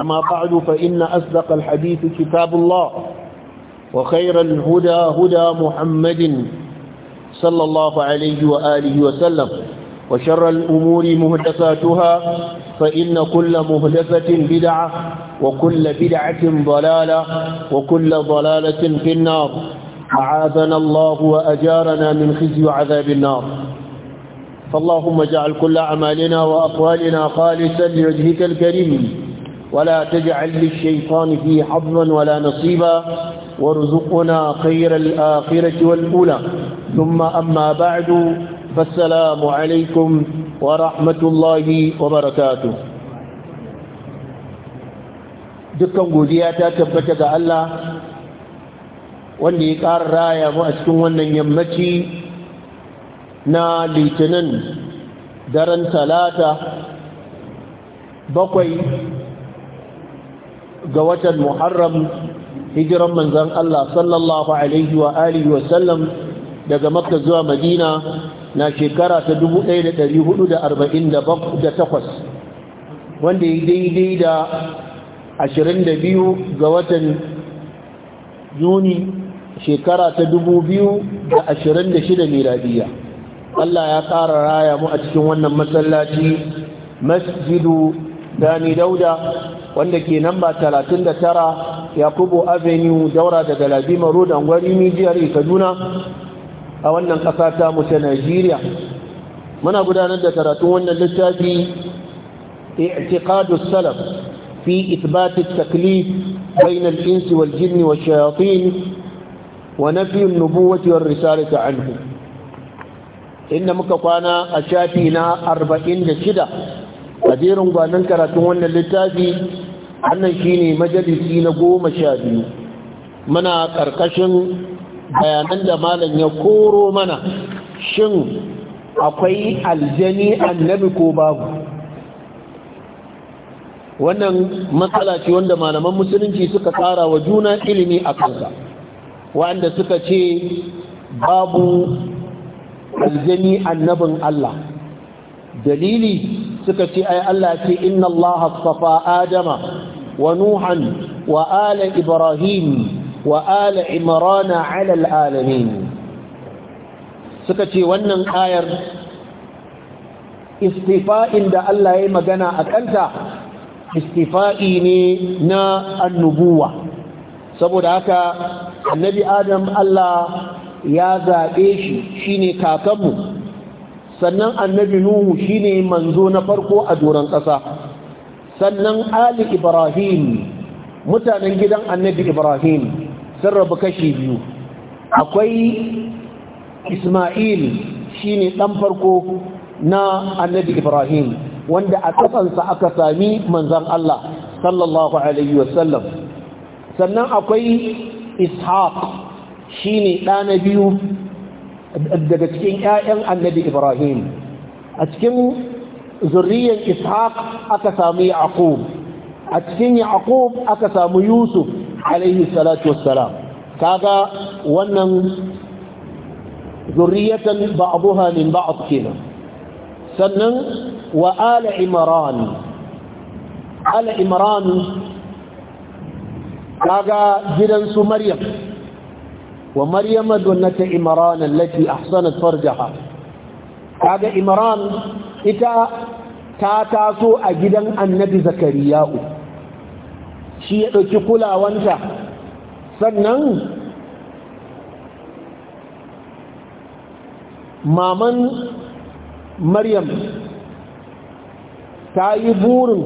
أما بعد فإن أصدق الحديث كتاب الله وخير الهدى هدى محمد صلى الله عليه وآله وسلم وشر الأمور مهدفاتها فإن كل مهدفة بدعة وكل بدعة ضلالة وكل ضلالة في النار أعاذنا الله وأجارنا من خزي عذاب النار فاللهم اجعل كل أعمالنا وأقوالنا خالصا لوجهك الكريم ولا تجعل للشيطان فيه حظا ولا نصيبا وارزقنا خير الآخرة والأولى ثم أما بعد فالسلام عليكم ورحمة الله وبركاته dukkan godiya ta tabbata ga Allah wanda ya ƙara raya mu a cikin wannan yammaci na litinin daren talata bakwai ga watan muharram hijiran manzan Allah sallallahu alaihi wa alihi wa sallam daga makka zuwa madina na shekara ta 1448 wanda ya daidai da 22 ga watan yuni shekara ta 2026 miladiya Allah ya ƙara raya mu a cikin wannan masallaci masjidu dani dauda wanda ke namba 39 yakubu avenue daura daga ladima road angwari mijiyar kaduna a wannan ƙasa ta mu najeriya muna gudanar da karatun wannan littafi i'tiqadus salaf fi ithbat at-taklif bayna al-insi wal-jinni wash-shayatin wa nafi an war-risalati anhu inda muka kwana a shafi na shida. kajerin gwanin karatun wannan littafi shi shine majalisi na goma sha biyu muna ƙarƙashin bayanan da malam ya koro mana shin akwai aljani annabi ko babu wannan matsala ce wanda malaman musulunci suka tsara wa juna ilimi a kansa wanda suka ce babu aljani annabin Allah dalili suka ce ai Allah ce inna Allah astafa adama wa nuhan wa ala ibrahim wa ala imran ala alamin suka ce wannan ayar istifa'in da Allah ya magana a kanta istifa'i ne na annubuwa saboda haka annabi adam Allah ya zaɓe shi shine kakanmu sannan annabi nuhu shine manzo na farko a doron ƙasa sannan ali ibrahim mutanen gidan annabi ibrahim sun rabu kashi biyu akwai isma'il shine ɗan farko na annabi ibrahim wanda a kafansa aka sami manzan Allah sallallahu alaihi wasallam sannan akwai ishaq shine ɗa na biyu daga cikin 'ya'yan annabi ibrahim a cikin zurriyar ishaq aka samu yaqub a cikin yaqub aka samu yusuf alaihi salatu wassalam kaga wannan zurriyatan ba'daha min ba'd kenan sannan wa ala imran ala imran kaga gidan su maryam wa maryama bint imran allati ahsanat farjaha kaga imran ita ta taso a gidan annabi zakariya shi ya ɗauki kulawanta sannan maman maryam ta yi burin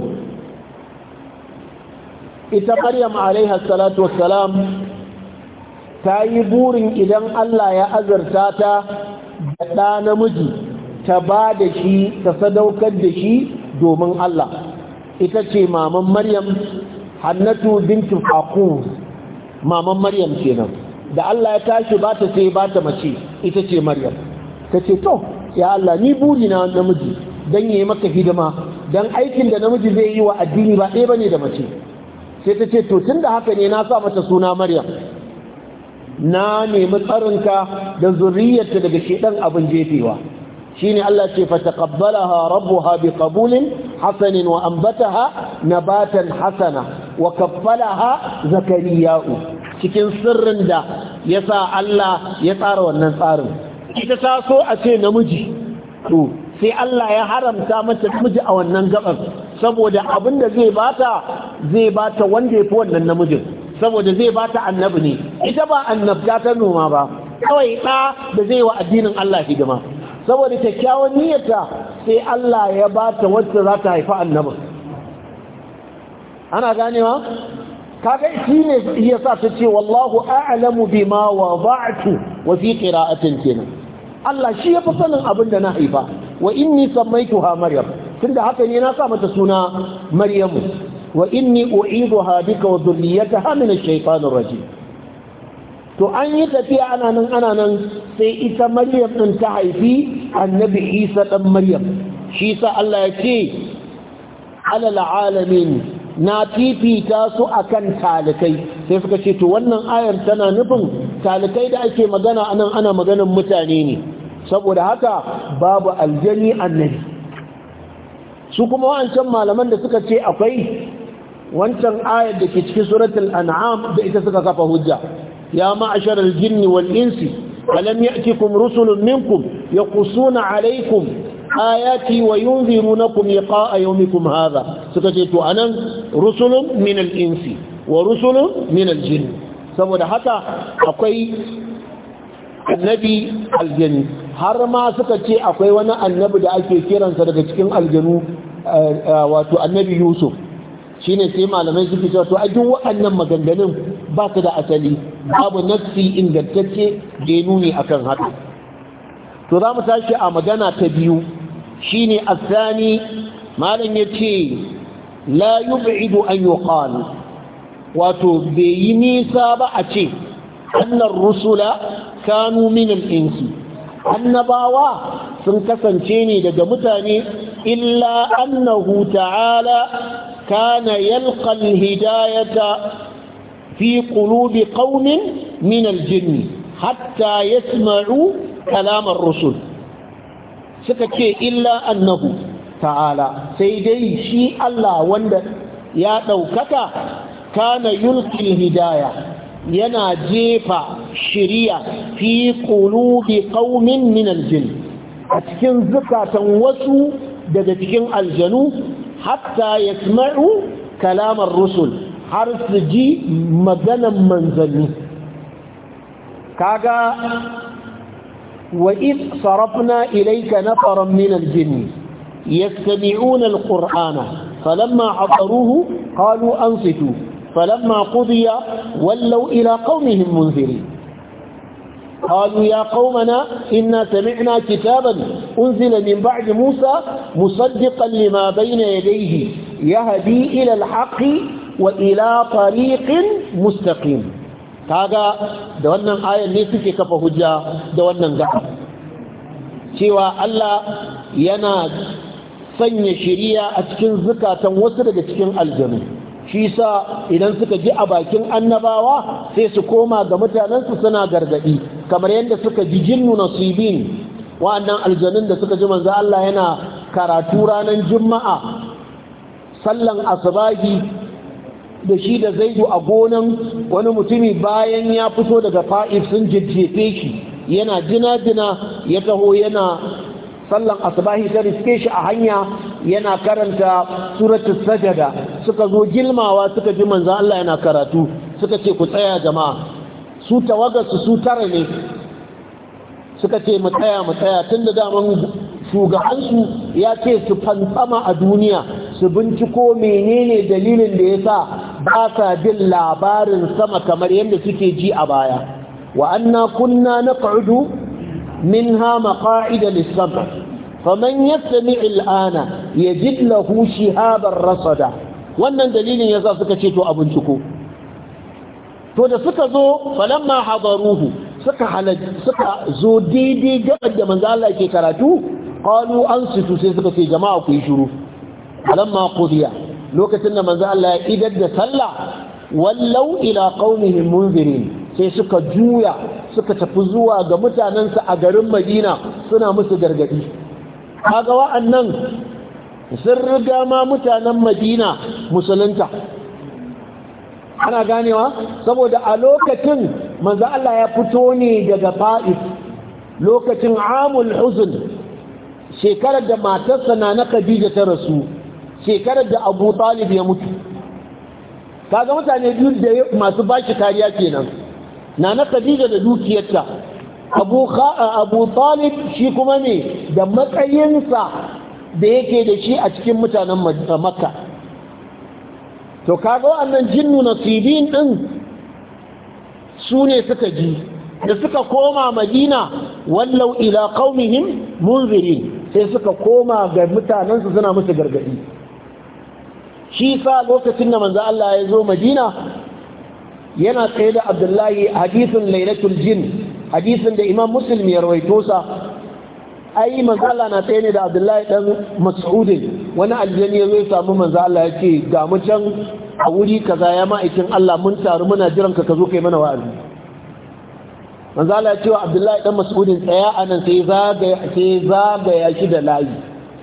ita maryam alaiha salatu wassalam ta yi burin idan Allah ya azarta ta da ɗa namiji ta ba da shi ta sadaukar da shi domin Allah ita ce maman maryam hannatu bintu aqus maman maryam kenan da Allah ya tashi ba ta sai ba ta mace ita ce maryam ta ce to ya Allah ni buri na namiji dan yi maka hidima don aikin da namiji zai yi wa addini ba ɗaya ba ne da mace sai ta ce to tun da haka ne na sa mata suna maryam na nemi tsarinka da zuriyarta daga shedan abin jefewa shine Allah ce fa taqabbalaha rabbuha biqabulin hasanin wa anbataha nabatan hasana wa kaffalaha zakariya'u cikin sirrin da yasa Allah ya tsara wannan tsarin ita ta so a ce namiji to sai Allah ya haramta mata namiji a wannan gabar saboda abinda zai bata zai bata wanda yafi wannan namijin saboda zai bata annabi ne ita ba annabta ta noma ba kawai ɗa da zai wa addinin Allah hidima saboda kyakkyawan niyyarta sai Allah ya ba ta wacce za ta haifa annabin ana ganewa kaga shi ne ya sa ta ce wallahu a'lamu bima wada'tu wa fi qira'atin kenan Allah shi ya fi sanin abin da na haifa wa inni sammaituha maryam tunda haka ne na sa mata suna maryamu wa inni u'iduha bika wa dhurriyyataha min ash-shaytanir rajim to an yi tafiya ana nan ana nan sai ita maryam ɗin ta haifi annabi isa ɗan maryam shi sa Allah ya ce alal alamin na fifita su akan talikai sai suka ce to wannan ayar tana nufin talikai da ake magana anan ana maganan mutane ne saboda haka babu aljani annabi su kuma wancan malaman da suka ce akwai wancan ayar da ke cikin suratul an'am da ita suka kafa hujja ya ma'ashar aljinni wal insi alam ya'tikum rusulun minkum yaqussuna alaykum ayati wa yunzirunakum liqa'a yawmikum hadha suka ce to anan rusulun min al wa rusulun min al saboda haka akwai annabi aljani har ma suka ce akwai wani annabi da ake kiransa daga cikin aljanu wato annabi yusuf shine sai malamai suke cewa to a duk waɗannan maganganun ba su da asali babu nassi ingantacce da ya nuni akan haɗu. to za mu tashi a magana ta biyu shine asani malam yace la ido an yuqal wato bai yi nisa ba a ce Annan rusula kanu inci. annabawa sun kasance ne daga mutane illa annahu ta'ala kana yalqa hidayata fi ƙulubi ƙaunin minal jini hatta ya tsimaru kalamar rusul suka ce illa annahu ta'ala sai dai shi Allah wanda ya ɗaukata kana yulkin hidaya yana jefa shirya fi ƙulubi ƙaunin minal jini a cikin zukatan wasu daga cikin aljanu hatta ya tsimaru kalamar rusul har su ji maganan manzanni kaga wa id sarafna ilayka nafaran min al-jinn yastami'una al-qur'ana falamma hadaruhu qalu ansitu falamma qudiya wallaw ila qaumihim munzirin قالوا يا قومنا إنا سمعنا كتابا أنزل من بعد موسى مصدقا لما بين يديه يهدي إلى الحق wa ila tariqin mustaqim kaga da wannan ayan ne suke kafa hujja da wannan ga'a. cewa Allah yana sanya shiriya a cikin zukatan wasu daga cikin aljanu shi sa idan suka ji a bakin annabawa sai su koma ga mutanensu suna gargadi kamar yadda suka ji jinnu nasibin wa'annan aljanun da suka ji manzo Allah yana karatu ranar juma'a sallan asbahi da shi da zaidu a gonan wani mutumi bayan ya fito daga fa'if sun jijjefe shi yana dina-dina ya taho yana sallan asbahi ta riske shi a hanya yana karanta suratul sajada suka zo gilmawa suka ji manzan Allah yana karatu suka ce ku tsaya jama'a su tawagarsu su tara ne suka ce mu tsaya mu tsaya tun da daman shugabansu ya ce su fantsama a duniya su binciko menene dalilin da ya sa ba sa bin labarin sama kamar yadda suke ji a baya wa anna kunna naq'udu minha maqa'ida lis-sam' faman yastami' al-ana yajid lahu shihaban rasada wannan dalilin yasa suka ce to a binciko to da suka zo falamma ruhu. suka halaji suka zo daidai da manzo Allah ke karatu qalu ansitu sai suka ce jama'a ku yi shiru alamma qudiya lokacin da manzo Allah ya idar da sallah wallau ila qaumihim munzirin sai suka juya suka tafi zuwa ga mutanansa a garin Madina suna musu gargadi kaga wa'annan sun riga ma mutanen Madina musulunta ana ganewa saboda a lokacin manzo Allah ya fito ne daga fa'is lokacin amul huzn shekarar da matarsa na na Khadija ta rasu shekarar da Abu Talib ya mutu kaga mutane biyu da masu bashi kariya kenan na na Khadija da dukiyarta Abu Abu Talib shi kuma ne da matsayinsa da yake da shi a cikin mutanen Makka to kaga wannan jinnu nasibin din su ne suka ji da suka koma madina wallau ila qaumihim munzirin sai suka koma ga mutanensu suna musu gargadi shi sa lokacin da manzo Allah ya zo madina yana tsaye da abdullahi hadisin lailatul jin hadisin da imam muslim ya rawaito sa ai manzo Allah na tsaye ne da Abdullahi dan Mas'udin. wani aljani ya zo ya samu manzo Allah ya ga mu can a wuri kaza ya ma'aikin Allah mun taru muna jiran ka ka zo kai mana wa'azi manzo Allah ya ce wa Abdullahi dan Mas'udin, tsaya anan sai za ga ya shi da layi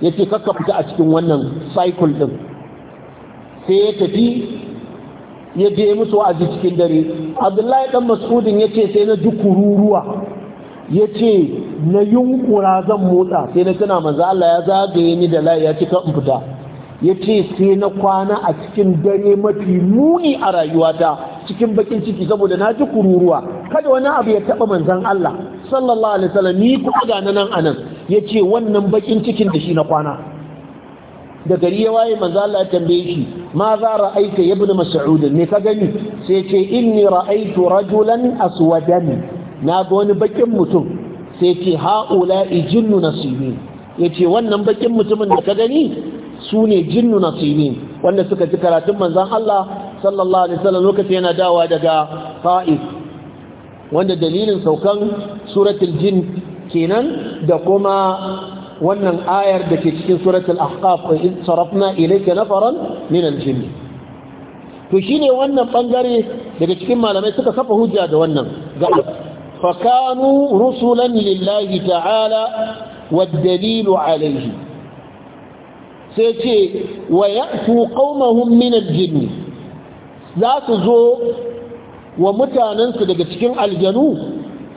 yace kakka fita a cikin wannan cycle din sai ya tafi ya je musu wa'azi cikin dare Abdullahi dan Mas'ud yace sai na ji kururuwa ya ce na yunkura zan motsa sai na tana manzo Allah ya zagaye ni da layi ya ci kan fita ya ce sai na kwana a cikin dare mafi muni a rayuwata cikin bakin ciki saboda na ji kururuwa kada wani abu ya taba manzon Allah sallallahu alaihi wasallam ni kuma ga nan anan ya ce wannan bakin cikin da shi na kwana da gari ya waye manzo Allah ya tambaye shi ma za ra'aita ibnu mas'ud me ka gani sai ya ce inni ra'aitu rajulan aswadan na ga wani bakin mutum sai ce ha'ula jinnu nasibin yace wannan bakin mutumin da ka gani su ne jinnu nasibin wanda suka ji karatun manzon Allah sallallahu alaihi sallam lokacin yana dawa daga Fa'if wanda dalilin saukan suratul jin kenan da kuma wannan ayar da ke cikin suratul ahqaf in sarafna ilayka nafaran min al-jinn to shine wannan bangare daga cikin malamai suka kafa hujja da wannan ga فكانوا رسلا لله تعالى والدليل عليه سيتي ويأتوا قومهم من الجن لا تزو ومتاننس لكتكين الجنو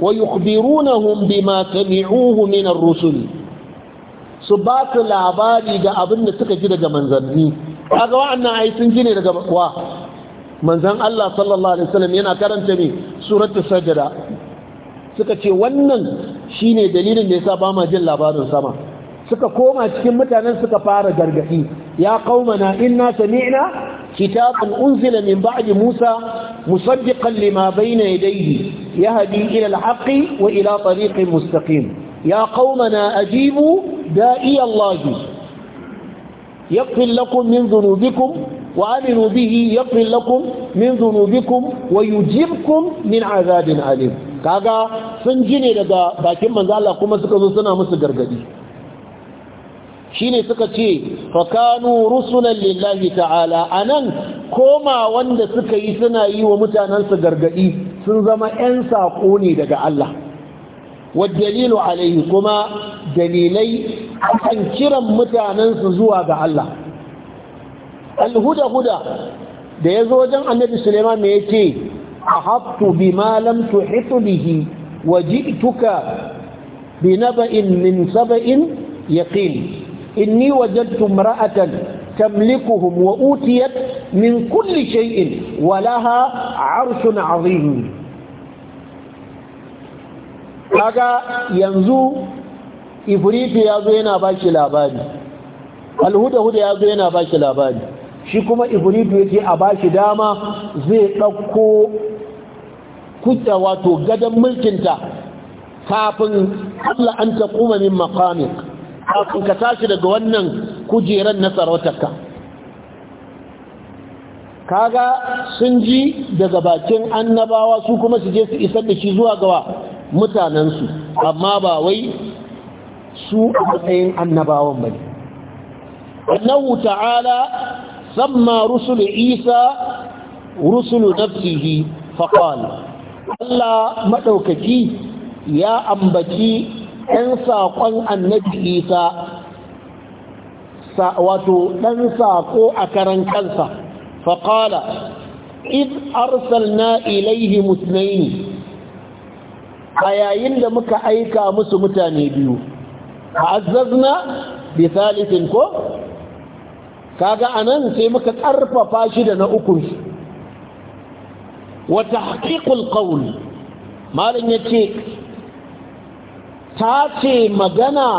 ويخبرونهم بما سمعوه من الرسل سبات العبادي دا أبن سكجي دا منزلني أقوى أن عيسن جيني دا منزل الله صلى الله عليه وسلم ينا كرمتني سورة السجرة suka ce wannan shine dalilin da yasa ba ma jin labarin sama suka koma cikin mutanen suka fara gargadi ya qaumana inna sami'na kitaban unzila min ba'di Musa musaddiqan lima bayna yadayhi yahdi ila al wa ila tariqin mustaqim ya qaumana ajibu da'i Allah يغفر لكم wa aminu bihi به يغفر لكم من ذنوبكم ويجيبكم min عذاب أليم kaga sun ji ne daga bakin manzo kuma suka zo suna musu gargadi shine suka ce fakanu rusulan lillahi ta'ala anan koma wanda suka yi suna yi wa mutanensu gargadi sun zama 'yan saƙo ne daga Allah wadalilu alaihi kuma dalilai akan kiran mutanensu zuwa ga Allah alhuda-huda da ya zo wajen annabi suleiman mai ya ce أحط بما لم تحط به وجئتك بنبأ من سبأ يقين إني وجدت امرأة تملكهم وأوتيت من كل شيء ولها عرش عظيم kaga yanzu ifritu ya zo yana bashi labari alhuda ya zo yana baki labari shi kuma ifritu yake a bashi dama zai ɗauko kuta wato gadon mulkinta kafin Allah an ta kuma min maqamik kafin ka tashi daga wannan kujeran na sarautarka kaga sun ji daga bakin annabawa su kuma su je su isar da shi zuwa gawa mutanensu amma ba wai su a matsayin annabawan ba ne annahu ta'ala samma rusul isa rusulu nafsihi faqala Allah maɗaukaki ya ambaci ɗan saƙon annabi isa wato ɗan saƙo a karan kansa faƙala id arsalna ilaihi musnaini a yayin da muka aika musu mutane biyu azzazna bi thalithin ko kaga anan sai muka ƙarfafa shi da na ukun Wata tahqiqul qawl malam yace ta ce magana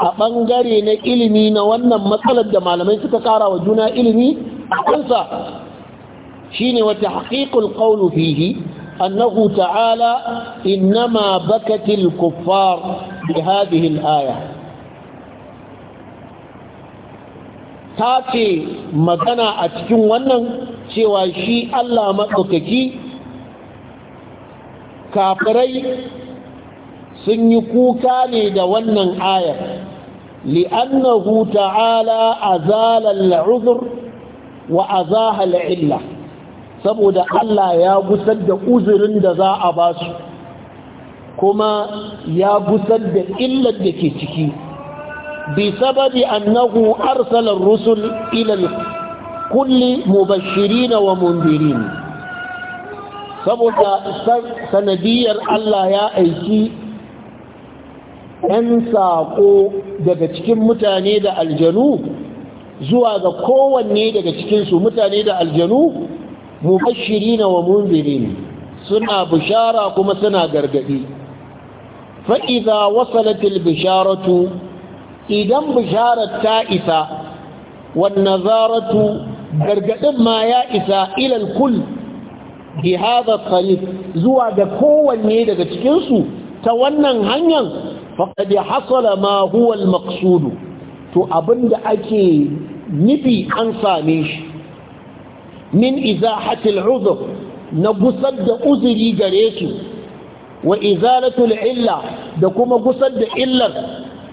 a ɓangare na ilimi na wannan matsalar da malamai suka ƙara wa juna ilimi a kansa shine wata tahqiqul qawl fihi annahu ta'ala innama bakatil kuffar bi hadhihi aya ta ce magana a cikin wannan cewa shi Allah maɗaukaki kafirai sun yi kuka ne da wannan ayar li'annahu ta'ala azala uzur wa azahal illa saboda Allah ya gusar da uzurin da za a ba su kuma ya gusar da illar da ke ciki bi sababi annahu arsala rusul ila kulli mubashirin wa mundirin saboda sanadiyar Allah ya aiki ‘yan saƙo daga cikin mutane da aljanu zuwa ga kowanne daga cikinsu mutane da aljanu na wa munzirin suna bishara kuma suna gargaɗi fa'iza wasalatil bisharatu idan bisharar ta isa wannan zaratu gargaɗin ma ya isa ilal kul bi hadha zuwa ga kowanne daga cikin su ta wannan hanyar faqad hasala ma huwal maksudu, to abinda ake nufi an same shi min izahati uzur na gusar da uzuri gare su wa izalatu illa da kuma gusar da illar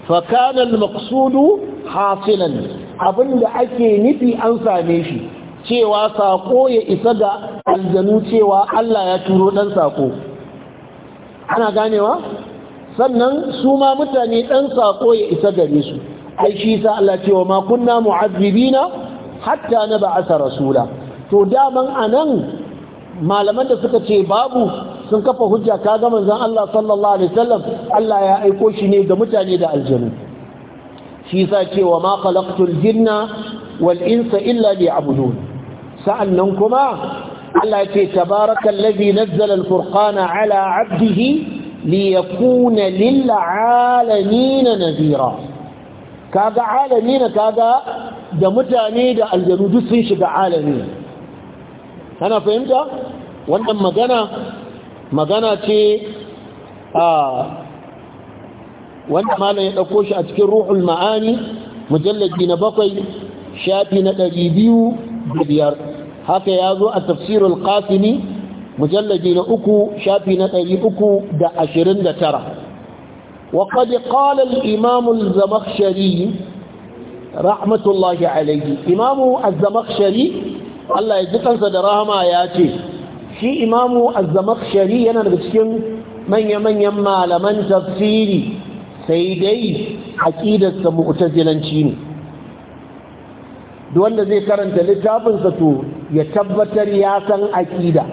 fakanan maksudu al-maqsud hasilan abinda ake nufi an same shi cewa saƙo ya isa ga aljanu cewa Allah ya turo ɗan saƙo ana ganewa sannan su ma mutane ɗan saƙo ya isa gare su ai shi sa Allah cewa ma kunna mu'azzibina hatta na ba'asa rasula to daman anan malaman da suka ce babu sun kafa hujja ka ga manzon Allah sallallahu alaihi wasallam Allah ya aiko shi ne ga mutane da aljanu shi sa cewa ma khalaqtul jinna wal insa illa liya'budun nan kuma Allah ce tabarakal ladhi nazzala furkana furqana ala 'abdihi liyakuna lil 'alamin nadhira kaga na kaga da mutane da aljanu duk sun shiga alami kana fahimta wannan magana magana ce a wanda malam ya ɗauko shi a cikin ruhul ma'ani mujallabi na bakwai shafi na ɗari biyu da biyar haka ya zo a tafsirul qasimi mujalladi na uku shafi na ɗari uku da ashirin da tara وقد قال الإمام alaihi imamu الله عليه إمام الزمخشري الله da rahama ya ce. shi imamu shari yana da cikin manya-manyan malaman tafsiri sai dai aƙidarsa mu'tazilanci ne wanda zai karanta littafinsa to ya tabbatar ya san aƙida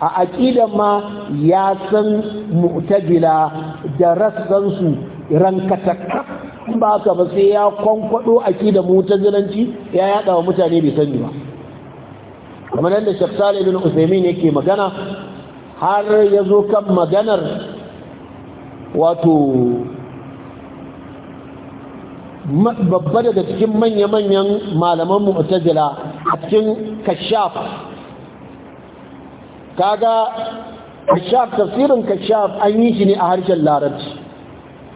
a aƙida ma ya san mu'tazila da rassansu rankatakaf ba ka ba sai ya kwankwado aƙida mu'tazilanci ya yada wa mutane bai sani ba kamar yadda shafsal ibn usaimin yake magana har ya zo kan maganar wato babba daga cikin manya-manyan malaman mu'tazila a cikin kashaf kaga kashaf tafsirin kashaf an yi shi ne a harshen larabci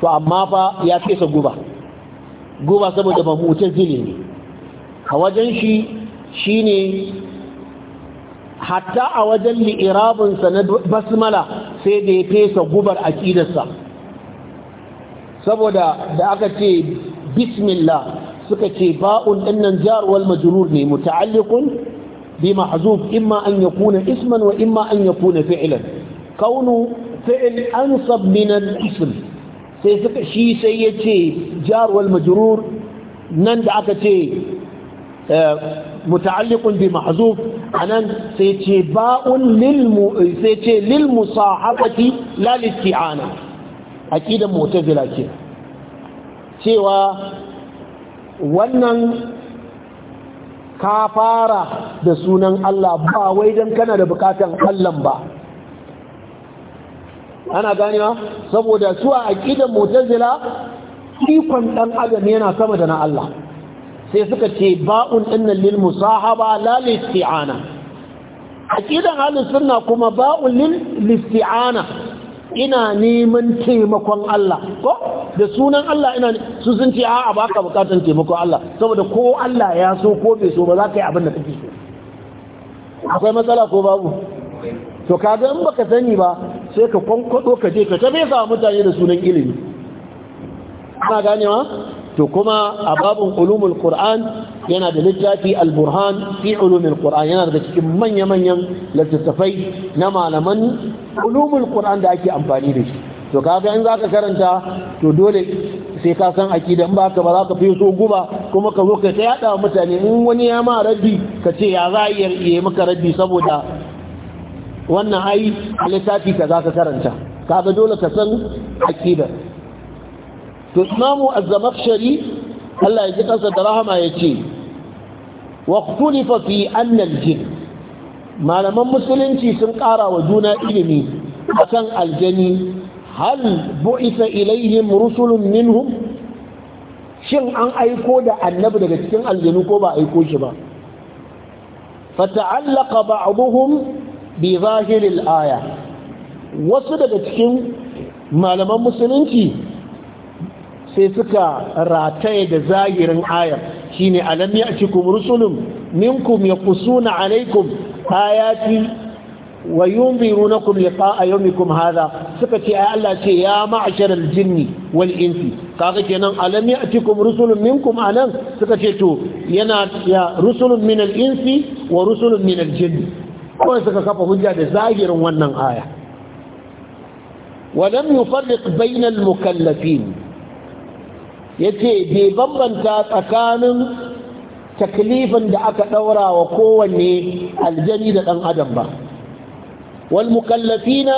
to amma fa ya fesa guba guba saboda ba mutum zile ne a wajen shi shi ne hatta a wajen li'irabinsa na basmala sai da ya fesa gubar aƙidarsa saboda da aka ce bismillah suka ce ba'un dinnan jar wal majrur ne muta'alliqun bi mahzuf imma an yakuna isman wa imma an yakuna fi'lan kaunu fi'l ansab min al-ism sai suka shi sai yace jar wal majrur nan da aka ce eh, muta'alliqun bi mahzuf anan sai ce ba'un lil sai ce lil musahabati la lil isti'ana aqidan mu'tazila ce cewa wannan ka fara da sunan Allah ba wai don kana da bukatan Allah ba ana ganewa saboda su a aqidan mu'tazila ikon dan adam yana sama da na Allah sai suka ce ba'un inna lil musahaba la lil isti'ana aqidan ahlus sunna kuma ba'un lil isti'ana ina neman taimakon Allah ko da sunan Allah ina su sun ce a'a ba ka taimakon Allah saboda ko Allah ya so ko bai so ba za ka yi abin da kake so akwai matsala ko babu to kaga in baka sani ba sai ka kwankwado ka je ka tabe sa mutane da sunan ilimi ana ganewa to kuma a babun ulumul qur'an yana da littafi al-burhan fi ulumul qur'an yana da cikin manya-manyan littattafai na malaman ulumul qur'an da ake amfani da shi to kaga in zaka karanta to dole sai ka san akida in baka ba zaka fiye so guba kuma ka zo ka ta yada mutane in wani ya ma rabbi ka ce ya za ya yi maka rabbi saboda wannan ai littafi ka zaka karanta kaga dole ka san akida to imamu az Allah ya ji kansa da rahama yace wa ikhtalifa fi anna al malaman musulunci sun ƙara wa juna ilimi akan aljani hal bu'isa ilaihim rusulun minhum shin an aiko da annabi daga cikin aljanu ko ba aiko shi ba fata'allaqa ba'dhum bi zahiril aya wasu daga cikin malaman musulunci sai suka rataye da zahirin ayar shine alam ya'tikum rusulun minkum kusuna alaikum ayati wa yau liqa'a yawmikum hadha suka ce Allah ce ya ma'ashar aljinni wal insi kaga kenan alam ya'tikum rusulun minkum anan suka ce to yana ya rusulun min al insi wa rusulun min al jinni kawai suka kafa hujja da zahirin wannan aya ولم يفرق بين المكلفين ya ce bai bambanta tsakanin taklifin da aka ɗaura wa kowanne aljani da ɗan adam ba wal mukallafina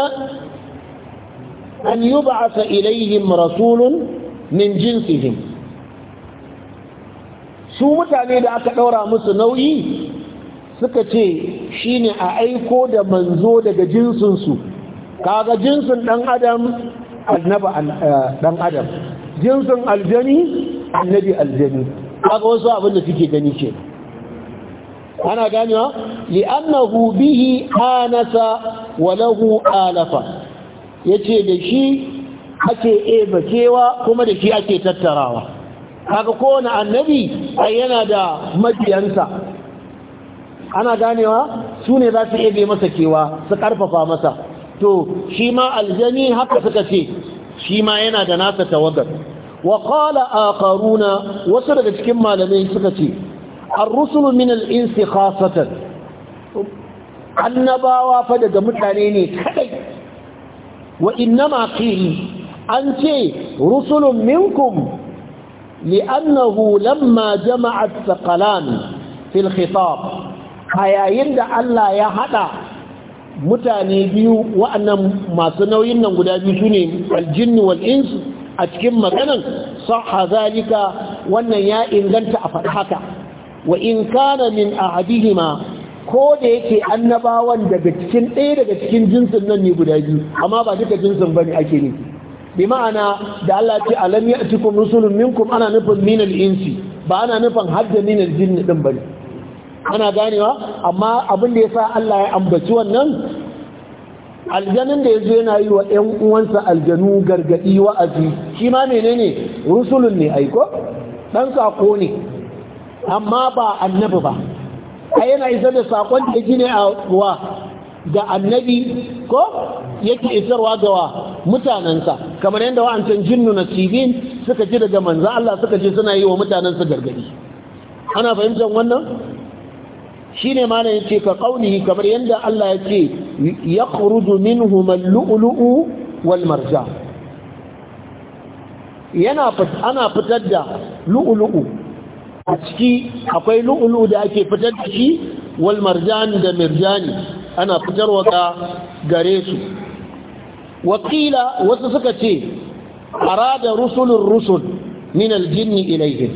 an yi ba'asa ilaihim rasulun min jinsihim su mutane da aka ɗaura musu nauyi suka ce shine a aiko da manzo daga jinsinsu kaga jinsin ɗan adam annaba ɗan eh, adam jinsin aljani annabi aljani kaga wasu abin da suke gani ce ana ganewa annahu bihi anasa wa lahu alafa yace da shi ake eba cewa kuma da shi ake tattarawa kaga kowane annabi ai yana da mabiyansa ana ganewa su ne za su ebe masa kewa su karfafa masa to shi ma aljani haka suka ce shi ma yana da nasa tawagar wa qala akharuna wasu daga cikin malamai suka ce ar-rusulu min al-insi khasatan annabawa fa daga mutane ne kadai wa innama qili an ce rusulun minkum لأنه lamma جمع الثقلان في الخطاب hayayin da Allah ya hada mutane biyu wa'annan masu nauyin nan guda biyu su ne aljinni wal a cikin maganan sahha zalika wannan ya inganta a faɗi haka wa in kana min ahadihima ko da yake annabawan daga cikin ɗaya daga cikin jinsin nan ne guda biyu amma ba duka jinsin ne ake ne bi ma'ana da Allah ce alam ya'tikum rusulun minkum ana nufin min al-insi ba ana nufin hadda min al-jinni din bane ana ganewa amma abin da ya sa Allah ya ambaci wannan aljanun da ya zo yana yi wa ‘yan uwansa aljanu gargaɗi wa'azi shi ma menene rusulun ne aiko ɗan sako ne amma ba annabi ba a yana isa da sakon da gine a wa da annabi ko yake isarwa ga wa mutanensa kamar yadda wa'ancan jinnu na suka ji daga manza Allah suka ce suna yi wa mutanensa gargaɗi ana fahimtar wannan Shi ne mana ce ka qaulihi kamar yadda Allah yace yakhruju minhum al-lu'lu'u wal marjan yana ana fitar da lu'lu'u a ciki akwai lu'lu'u da ake fitar da shi wal marjan da mirjani ana fitarwa ga gare su wakila wasu suka ce arada rusulun rusul min aljinni ilaihim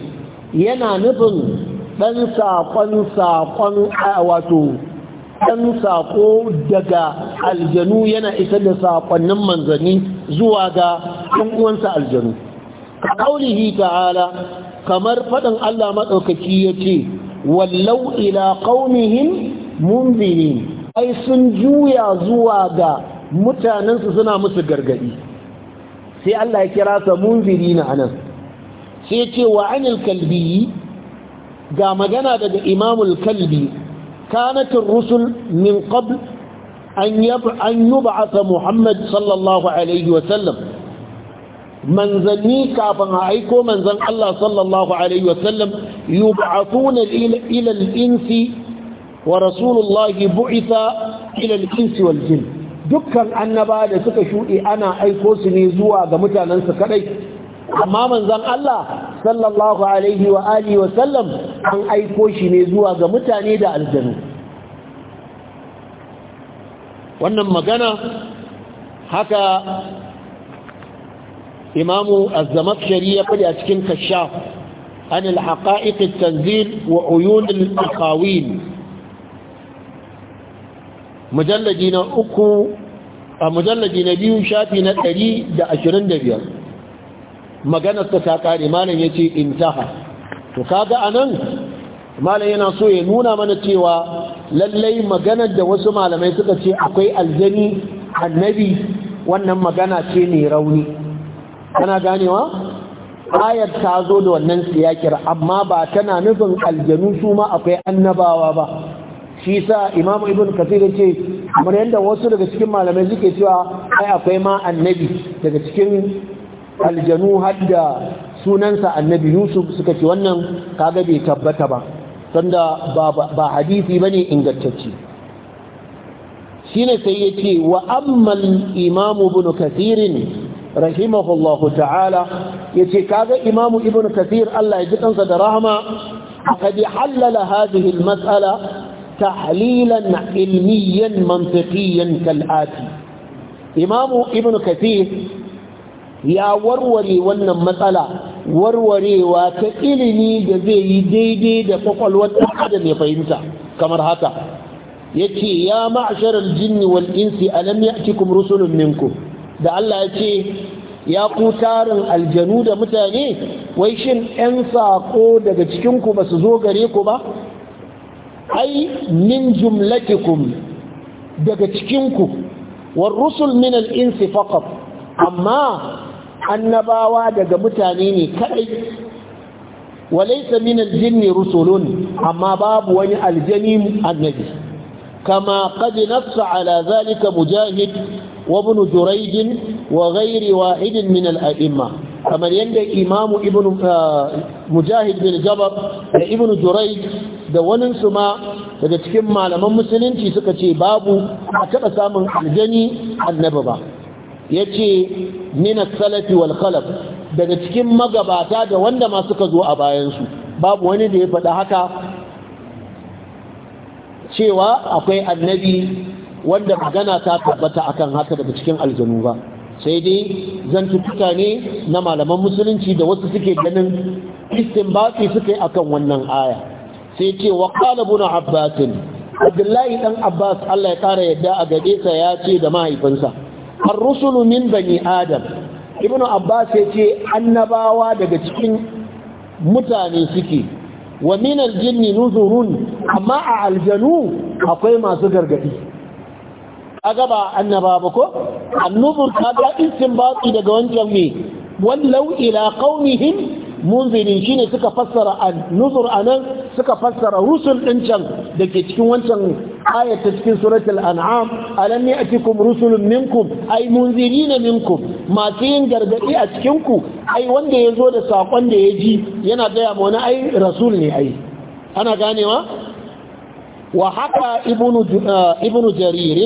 yana nufin ɗan saƙon saƙon wato ɗan saƙo daga aljanu yana isar da saƙonnin manzanni zuwa ga ɗan uwansa aljanu ka ƙaunihi ta'ala kamar faɗin Allah maɗaukaki ya ce wallau ila ƙaunihin munzirin ai sun juya zuwa ga mutanensu suna musu gargaɗi sai Allah ya kira sa munziri na anan sai ce wa anil kalbiyi? ga magana daga imamul kalbi kanatin rusul min qabl an yub'atha muhammad sallallahu alaihi wasallam manzanni kafin a aiko manzan Allah sallallahu alaihi wasallam insi wa rasulullahi bu'itha ila al-insi wal dukkan annaba da suka shuɗe ana aiko su ne zuwa ga mutanensu kadai amma manzon Allah sallallahu alaihi wa alihi wa sallam an aiko shi ne zuwa ga mutane da aljanu wannan magana haka imamu az-zamakhshari ya fadi a cikin kashaf an al-haqa'iq at-tanzil wa uyun al-aqawil mujalladi na uku a mujalladi na biyu shafi na 125 Maganar ta kare malam ya ce intaha to kaga anan malam yana so ya nuna mana cewa lallai maganar da wasu malamai suka ce akwai aljani annabi wannan magana ce ne rauni kana ganewa ayar ta zo da wannan siyakir amma ba tana nufin aljanu su ma akwai annabawa ba shi sa imam ibn kasir ya ce kamar yadda wasu daga cikin malamai suke cewa ai akwai ma annabi daga cikin aljanu hadda sunansa annabi yusuf suka ce wannan kaga bai tabbata ba sanda ba hadisi ne ingantacce shine sai yace wa ammal imam ibn kathir rahimahullah ta'ala yace kaga imam ibn kasir Allah ya ji kansa da rahama qad hallala hadhihi matsala tahlilan ilmiyan mantiqiyan kal'ati imam ibn kasir. ya warware wannan matsala warwarewa ta ilimi da zai yi daidai da kwakwalwar ɗan adam ya fahimta kamar haka yace ya ma'sharal jinni wal insi alam ya'tikum rusulun minkum da Allah ce ya ku tarin aljanu da mutane wai shin 'yan saƙo daga cikinku ba su zo gare ku ba ai min jumlatikum daga cikinku war rusul min al-insi faqat amma annabawa daga mutane ne kai walaysa min aljinni rusulun amma babu wani aljani annabi kama qad nassa ala zalika mujahid wa ibn jurayj wa ghayri wahid min al-a'imma kamar yadda Imam ibn uh, mujahid bin jabab da ibn jurayj da wani su ma daga cikin malaman musulunci suka ce babu a taɓa samun aljani annaba ba Ya ce Nina salafi wal khalaf daga cikin magabata da wanda ma suka zo a bayansu babu wani da ya faɗa haka cewa akwai annabi wanda magana ta tabbata akan haka daga cikin aljanu ba sai dai zantutuka ne na malaman musulunci da wasu suke ganin istinbati suka yi akan wannan aya sai ce wa qalabuna abbasin abdullahi dan abbas Allah ya kara yadda a gade sa ya ce da mahaifinsa ar-rusulu bani adam ibn abbas ce annabawa daga cikin mutane suke wa min al-jinni nuzurun amma a aljanu akwai masu gargadi kaga ba annaba ba ko annubur kaga istinbati daga wancan me wallau ila qaumihim munziri shine suka fassara an-nuzur anan suka fassara rusul din can dake cikin wancan ayat ta cikin suratul an'am alam ya'tikum rusulun minkum ay munzirina minkum masu yin gargadi a cikin ku ai wanda yazo da sakon da yaji yana gaya ma wani ai rasul ne ai ana ganewa wa haka ibnu eh, ibnu jarir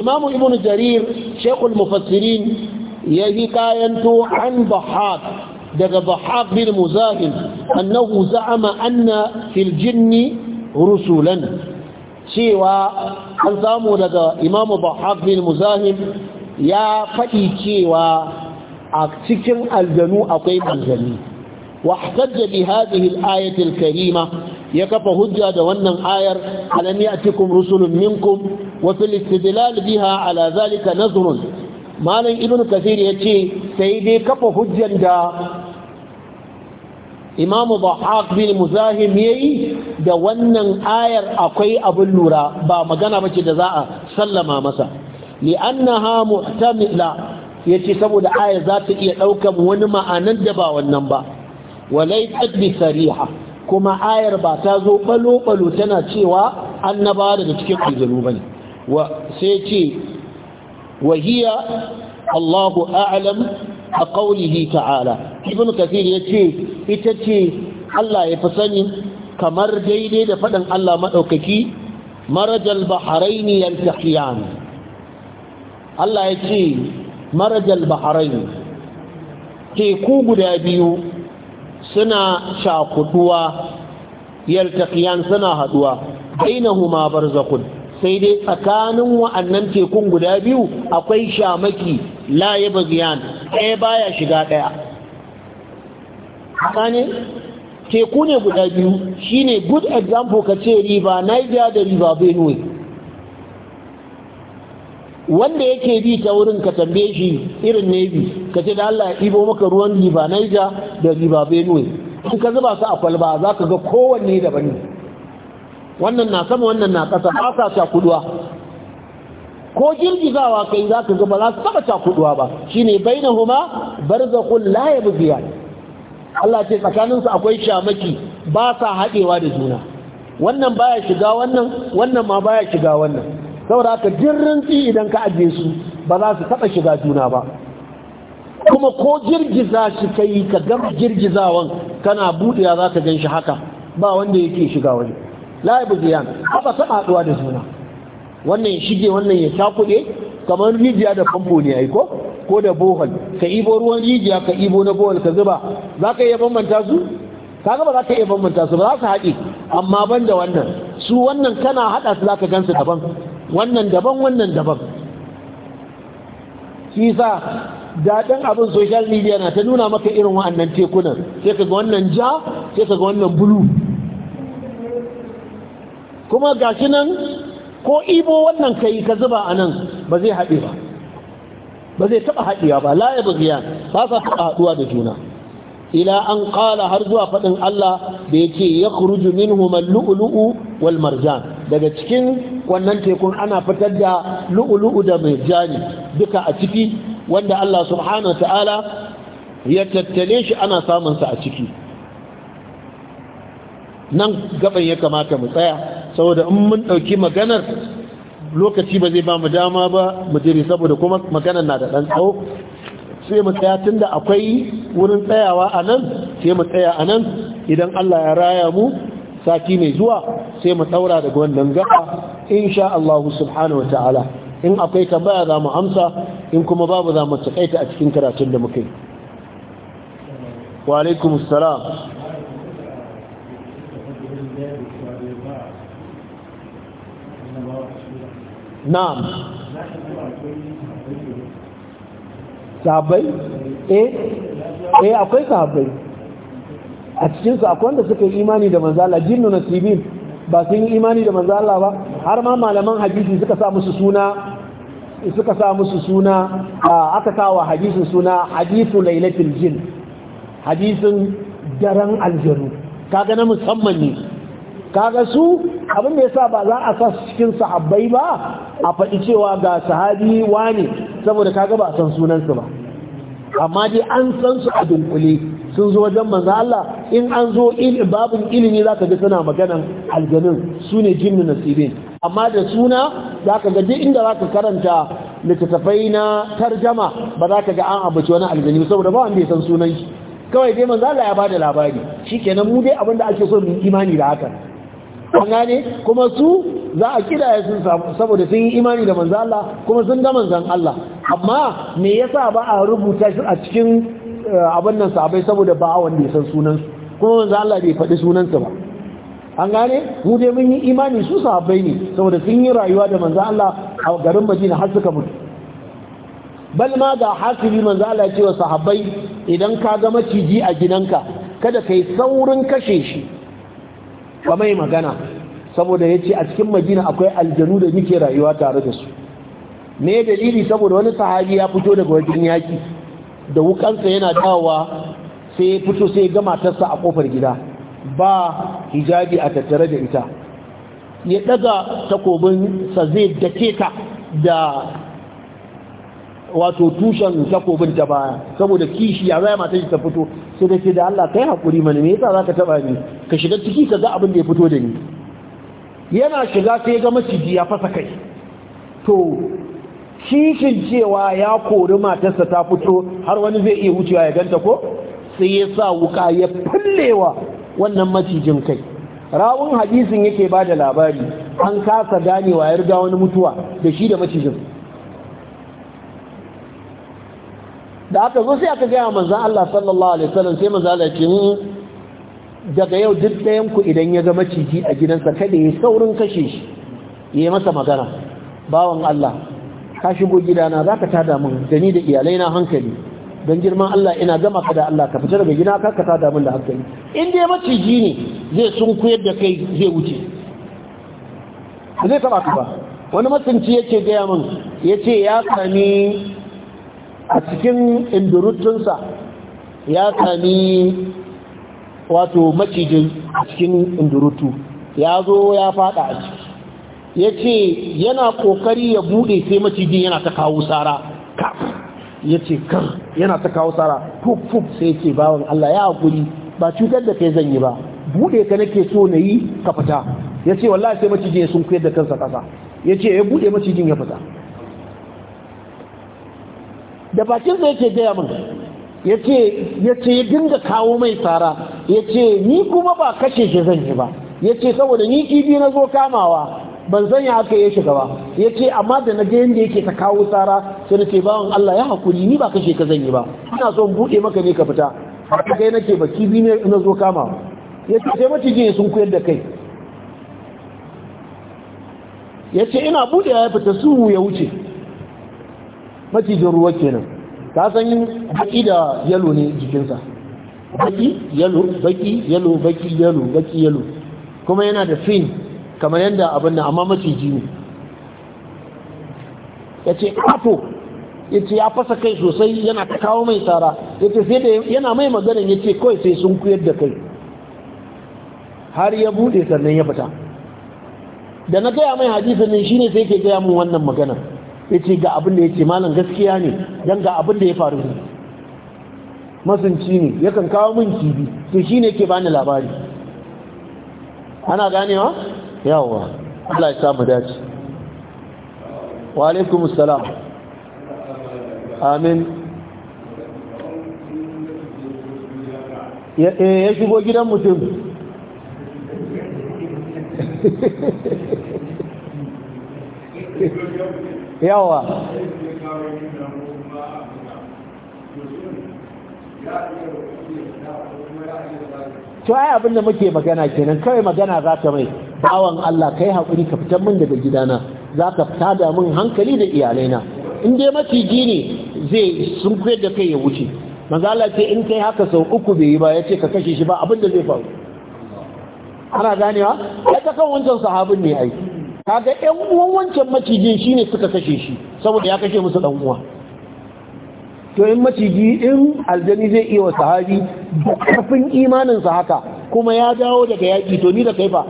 imamu ibnu jarir shaykhul mufassirin ya yi kayanto an bahak daga Bahaq bin Muzahim annahu za'ama anna fil jinni rusulan cewa an samu daga Imam Bahaq bin Muzahim ya faɗi cewa a cikin aljanu akwai manzanni واحتج بهذه الآية الكريمة يكف wannan وانا آير ألم rusulun minkum, منكم وفي الاستدلال بها على ذلك nazrun. malam ibnu kasir ya ce sai dai kafa hujjan da imamu bahaq bin muzahim yayi da wannan ayar akwai abin lura ba magana ce da za a sallama masa li'annaha ya yace saboda ayar za ta iya daukan wani ma'anar da ba wannan ba Walai bi sariha kuma ayar ba ta zo balo balo tana cewa annaba daga cikin aljanu ba ne. sai ce wahiya Allahu a'lam a ƙaunihi ta'ala ibn ya ce, ita ce Allah ya fi sani kamar daidai da faɗin Allah maɗaukaki marajal baharaini tafiyan Allah ya ce marajal baharaini teku guda biyu suna shakuduwa tafiyan suna haduwa bainahuma barzakhun sai dai tsakanin wa'annan tekun guda biyu akwai shamaki laye baziyan ɗaya baya shiga ɗaya gane teku ne guda biyu Shi ne good example ka ce riba niger da riba benue wanda yake bi ta wurin ka tambaye shi irin navy ka ce da allah ya ɗibo maka ruwan riba niger da riba benue in ka zuba su a kwalba za ka ga kowanne daban ne wannan na sama wannan na ƙasa ba sa cakuduwa ko girgizawa kai za ka gaba za su taɓa cakuduwa ba shine bainahuma barzakhun la yabghiyan Allah ce tsakaninsu akwai shamaki ba sa haɗewa da juna wannan baya shiga wannan wannan ma baya shiga wannan saboda haka jirrin tsi idan ka ajiye su ba za su taɓa shiga juna ba kuma ko girgiza shi kai ka gama girgizawan kana buɗewa za ka gan shi haka ba wanda yake shiga wani la yabghiyan haka ta haduwa da juna wannan ya shige wannan ya kuɗe kamar rijiya da famfo ne aiko ko da bohol ka ibo ruwan rijiya ka ibo na bohol ka zuba za ka iya bambanta su Ka ba za ka iya bambanta su ba za ka haɗe amma ban da wannan su wannan kana haɗa su za ka gansu daban wannan daban wannan daban Kisa, daɗin abin social media na ta nuna maka irin wa'annan tekunan sai ka ga wannan ja sai ka ga wannan bulu kuma gashi nan ko ibo wannan kai ka zuba a nan ba zai haɗe ba ba zai taɓa haɗewa ba la ya ba sa taɓa haɗuwa da juna ila an ƙala har zuwa faɗin Allah da ya ce ya kuruju human lu'ulu'u wal marjan daga cikin wannan tekun ana fitar da lu'ulu'u da marjani duka a ciki wanda Allah subhanahu wa ta'ala ya tattale shi ana samunsa a ciki nan gaban ya kamata mu tsaya saboda in mun ɗauki maganar lokaci ba zai ba mu dama ba mu jiri saboda kuma maganar na da ɗan tsawo sai mu tsaya tunda akwai wurin tsayawa a nan sai mu tsaya a nan idan Allah ya raya mu sati mai zuwa sai mu tsaura daga wannan gaba insha Allah subhanahu wa ta'ala in akwai tambaya za mu amsa in kuma babu za mu takaita a cikin karatun da muka yi wa alaikumus salam na'am sahabbai eh eh akwai sahabbai a cikin su akwai wanda suka yi imani da manzo Allah jinnu nasibin ba sun yi imani da manzo Allah ba har ma malaman hadisi suka sa musu suna suka sa musu suna aka kawo hadisin suna hadisu lailatul jin hadisin daren aljanu kaga na musamman ne kaga su abin da yasa ba za a sa su cikin sahabbai ba a faɗi cewa ga sahabi wane saboda kaga ba san sunansu ba amma dai an san su a dunkule sun zo wajen manzo Allah in an zo babin ilimi za ka ga suna maganan aljanin sune jinnu nasibin amma da suna ka ga dai inda za ka karanta littattafai na tarjama ba za ka ga an abuci wani aljani saboda ba wanda ya san sunan shi kawai dai manzo Allah ya bada labari shi kenan mu dai abinda ake so mu imani da haka an kuma su za a kidaya sun saboda sun yi imani da manzan Allah kuma sun ga manzan Allah amma me yasa ba a rubuta shi a cikin eh, abin nan sabai saboda ba wanda ya san sunansu kuma manzan Allah bai faɗi sunansa ba an gane mu dai mun yi imani su sabai ne saboda sun yi rayuwa da manzan Allah a garin Madina har suka mutu bal ma ga hasibi manzan Allah wa sahabbai idan ka ga maciji a gidanka kada kai saurin kashe shi ba mai magana saboda ya ce a cikin madina akwai aljanu da muke rayuwa tare da su me dalili saboda wani sahabi ya fito daga wajen yaki da wukansa yana dawowa sai ya fito sai ya gama tassa a kofar gida ba hijabi a tattare da ita ya daga sa zai dake ta da wato tushen takobin ta baya saboda kishi a zai mata ta fito sai da ke da Allah kai haƙuri mani me yasa za ka taba ni ka shiga ciki ka ga abin da ya fito da ni yana shiga sai ga maciji ya fasa kai to kishin cewa ya kori matarsa ta fito har wani zai iya wucewa ya ganta ko sai ya sa wuka ya fullewa wannan macijin kai rawun hadisin yake ba da labari an kasa ganewa ya riga wani mutuwa da shi da macijin da aka zo sai aka gaya manzan Allah sallallahu alaihi wasallam sai manzan Allah ce mm, daga yau duk ɗayan ku idan ya ga maciji a gidansa kada ya saurin kashe shi yayi masa magana bawan Allah ka shigo gidana zaka tada min gani da iyalai na hankali don girman Allah ina gama ka da Allah ka fita daga gida ka ka tada min da hankali in dai maciji ne zai sunkuyar da kai zai wuce zai taba ka ba wani masunci yake gaya min yace ya sami a cikin indurutunsa ya kani wato macijin a cikin indurutu ya zo ya fada a ciki ya ce yana kokari ya bude sai macijin yana ta kawo tsara kafin ya ce kar yana ta kawo tsara fuk-fuk sai ce bawan Allah ya guri ba cutar da kai zan yi ba bude ka nake so na yi ka fita ya ce wallahi sai macijin ya sun kuyar da kansa kasa ya ce ya bude macijin ya fita da bakin sa yake gaya min yace yace ya dinga kawo mai tsara yace ni kuma ba kashe shi zan yi ba ya ce saboda ni kibi na zo kamawa ban zanya haka ya shiga ba yace ce amma da na ga yadda yake ta kawo tsara sai na ba bawan Allah ya hakuri ni ba kashe ka zan yi ba ina son buɗe maka ne ka fita haka kai nake ba kibi ne na zo kamawa ya ce sai maciji sun koyar da kai yace ina buɗe ya fita su ya wuce macijin ruwa kenan ta san baki da yalo ne jikinsa baki yalo baki yalo baki yalo baki yalo kuma yana da fin kamar yadda abin da amma maciji ne ya ce ato ya ce ya fasa kai sosai yana ta kawo mai tsara ya ce sai da yana mai maganin ya ce kawai sai sun kuyar da kai har ya bude sannan ya fita da na gaya mai hadisin ne shine sai ke gaya mun wannan magana ya ce ga abin da ya ce malam gaskiya ne don ga abin da ya faru ne masunci ne ya kan kawo min kibi to shi ne ke bani labari ana ganewa yawwa Allah ya samu dace wa alaikum salam amin eh, ya shigo gidan mutum Thank you. yawa to ai abinda muke magana kenan kawai magana za ta mai bawan Allah kai haƙuri ka fitar min daga gidana za ka fita da min hankali da iyalaina in dai maciji ne zai sun kuyar da kai ya wuce manzo Allah ce in kai haka sau uku bai yi ba ya ce ka kashe shi ba abin da zai faru ana ganewa ya ta kan wancan sahabin ne aiki kaga yan uwan wancan macijin ne suka kashe shi saboda ya kashe musu dan uwa to in maciji in aljani zai iya wa sahabi da karfin imanin sa haka kuma ya dawo daga yaki to ni da kai fa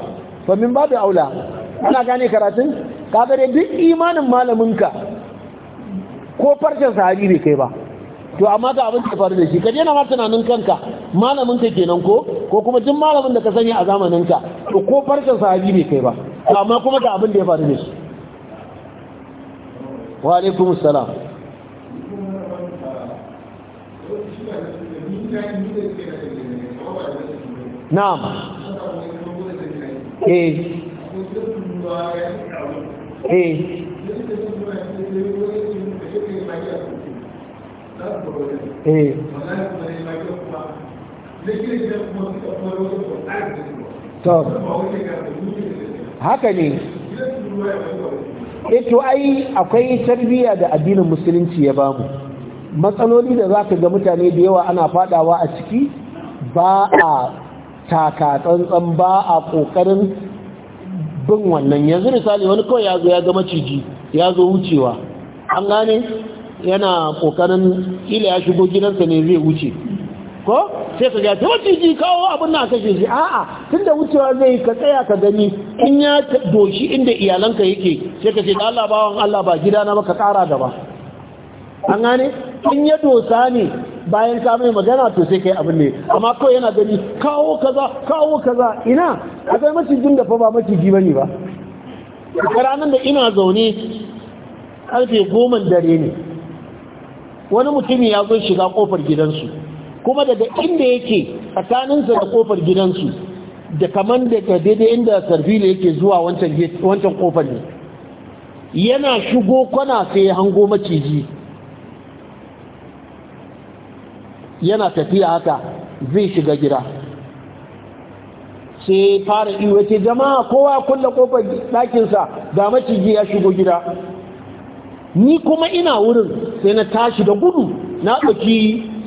fa min babu aula ana gane karatun kaga da duk imanin malamin ka ko farcen sahabi bai kai ba to amma ga abin da faru da shi ka daina ma tunanin kanka malamin ka kenan ko ko kuma duk malamin da ka sani a zamanin ka to ko farkan sahabi bai kai ba to amma kuma ga abin da ya faru da shi wa alaikum assalam na'am eh eh Eh. haka ne eh, to ai akwai tarbiyya da addinin musulunci ya bamu matsaloli da zaka ga mutane da yawa ana fadawa a ciki ba a taka tsantsan ba a kokarin bin wannan yanzu misali wani kawai ya zo ya ga maciji ya zo wucewa an gane yana kokarin kila ya shigo gidansa ne zai wuce ko sai ka gata maciji kawo abin na kashe shi a'a tun da wucewa zai ka tsaya ka gani in ya doshi inda iyalanka yake sai ka ce da Allah bawan Allah ba gida ba ka kara gaba an gane in ya dosa ne bayan ka mai magana to sai kai abin ne amma ko yana gani kawo kaza kawo kaza ina akwai macijin da fa ba maciji bane ba ranar da ina zaune karfe goma dare ne wani mutumi ya zo shiga kofar gidansu kuma daga inda yake tsakaninsa da kofar gidansu da kaman daga daidai inda sarfila yake zuwa wancan kofar ne yana shigo kwana sai hango maciji yana tafiya haka zai shiga gida sai fara iwace jama'a kowa kulle kofar ɗakinsa ga maciji ya shigo gida ni kuma ina wurin sai na tashi da gudu na ɗauki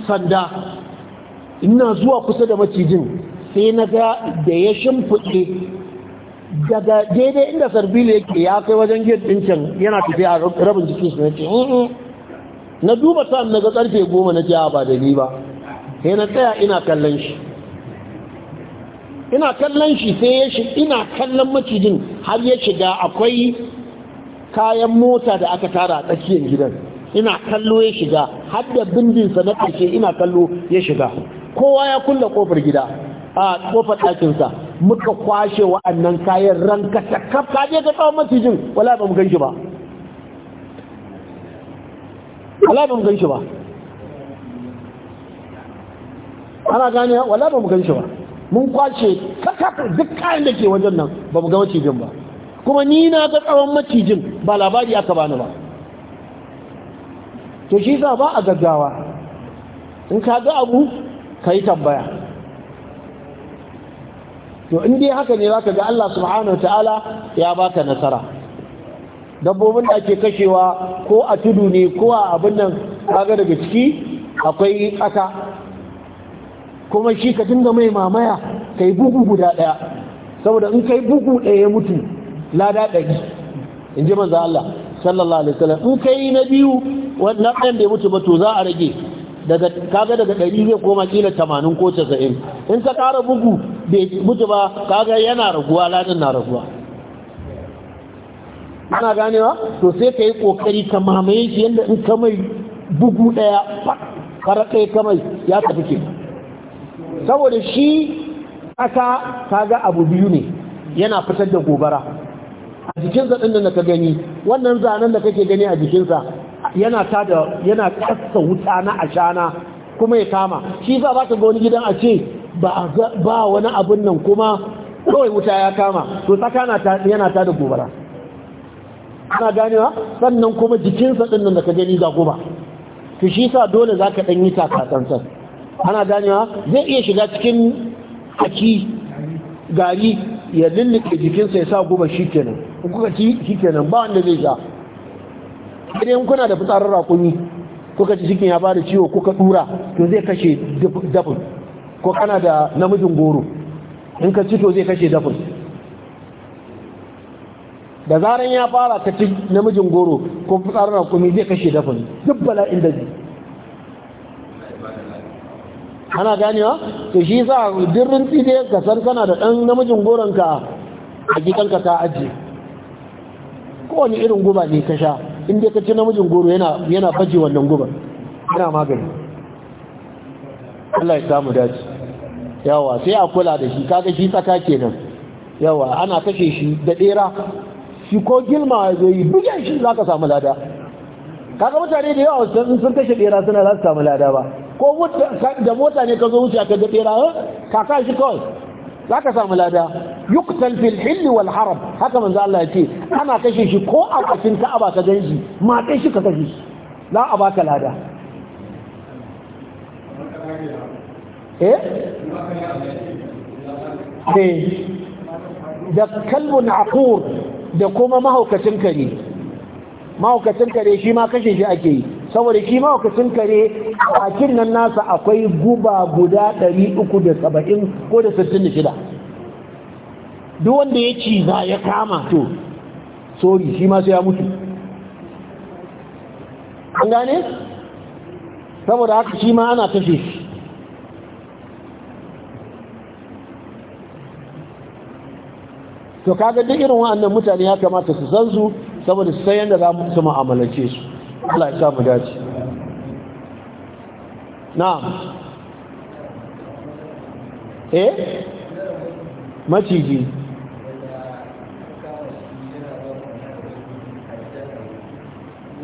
sanda ina zuwa kusa da macijin sai na ga da ya shimfiɗe daga daidai inda sarbili yake ya kai wajen gid ɗin yana tafiya a rabin jikin su na ce na duba sa'an na ga karfe goma na jiya ah, ba da ni ba sai na tsaya ina kallon shi ina kallon shi sai ya shi ina kallon macijin har ya shiga akwai kayan mota da aka tara a tsakiyar gidan ina kallo ya shiga har da bindinsa na ƙarshe ina kallo ya shiga kowa ya kulle kofar gida a kofar ɗakinsa muka kwashe wa'annan kayan ranka ta kafa je ga tsawon macijin wala ba mu gan shi ba wala ba mu gan shi ba ana gane wala ba mu gan shi ba mun kwashe kakaf duk kayan da ke wajen nan ba mu ga macijin ba kuma ni na ga tsawon macijin ba labari aka bani ba to shi za ba a gaggawa in ka ga abu ka yi tambaya to in dai haka ne za ka ga Allah subhanahu wa ta'ala ya baka nasara dabbobin da ake kashewa ko a tudu ne ko a abin nan kaga daga ciki akwai aka kuma shi ka dinga mai mamaya kai bugu guda daya saboda in kai bugu daya mutu lada ɗari in ji manza Allah sallallahu alaihi wasallam in kai na biyu wannan ɗan da ya mutu ba to za a rage daga kaga daga ɗari zai koma kila tamanin ko casa'in in ka ƙara bugu bai mutu ba kaga yana raguwa ladin na raguwa ana ganewa to sai ka yi ƙoƙari ka mamaye shi yadda in ka mai bugu ɗaya farar ɗaya ka mai ya tafi ke saboda shi ƙasa kaga abu biyu ne yana fitar da gobara a jikinsa ɗin da ka gani wannan zanen da kake gani a jikinsa yana da yana kasa wuta na ashana kuma ya kama shi za ba ta ga wani gidan a ce ba wani abin nan kuma kawai wuta ya kama to tsakana yana da gobara ana ganewa sannan kuma jikinsa ɗin da ka gani za guba ki shi sa dole za ka ɗanyi takatsantsan ana ganewa zai iya shiga cikin aki gari ya lullube jikinsa ya sa guba shi kenan kuka ci shi kenan ba wanda zai sha idan kuna da fitsarin rakuni kuka ci cikin ya bada ciwo kuka dura to zai kashe dafin ko kana da namijin goro in ka ci to zai kashe dafin da zaran ya fara ka ci namijin goro ko fitsarin rakuni zai kashe dafin duk bala'in da zai ana ganewa to shi za a dirrin tsidiyar ka san kana da ɗan namijin goronka a gidanka ta ajiye kowane irin guba ne ka sha in ka ci namijin goro yana faji wannan guba yana magani Allah ya samu dace yawa sai a kula da shi kaga shi tsaka kenan yawa ana kashe shi da dera shi ko gilma zai yi bugen shi za ka samu lada kaga mutane da yawa sun sun kashe dera suna za su samu lada ba ko da mota ne ka zo wuce ka ga dera eh, ka shi kawai za ka samu lada yuktal fil hilli wal haram haka manzo Allah ya ce ana kashe shi ko a bakin ka'aba ka ganshi ma kai shi ka kashe shi la a baka lada eh eh da kalbun aqur da kuma mahaukacin kare mahaukacin kare shi ma kashe shi ake yi saboda shi ma wakacin kare kin nan nasa akwai guba guda 370 ko da 66 duk wanda ya ciza ya kama to sori shi ma sai ya mutu an gane saboda haka shi ma ana tafi shi to kaga duk irin wa'annan mutane ya kamata su san su saboda su san yadda za su mu'amalace su Allah ya mu dace na'am eh maciji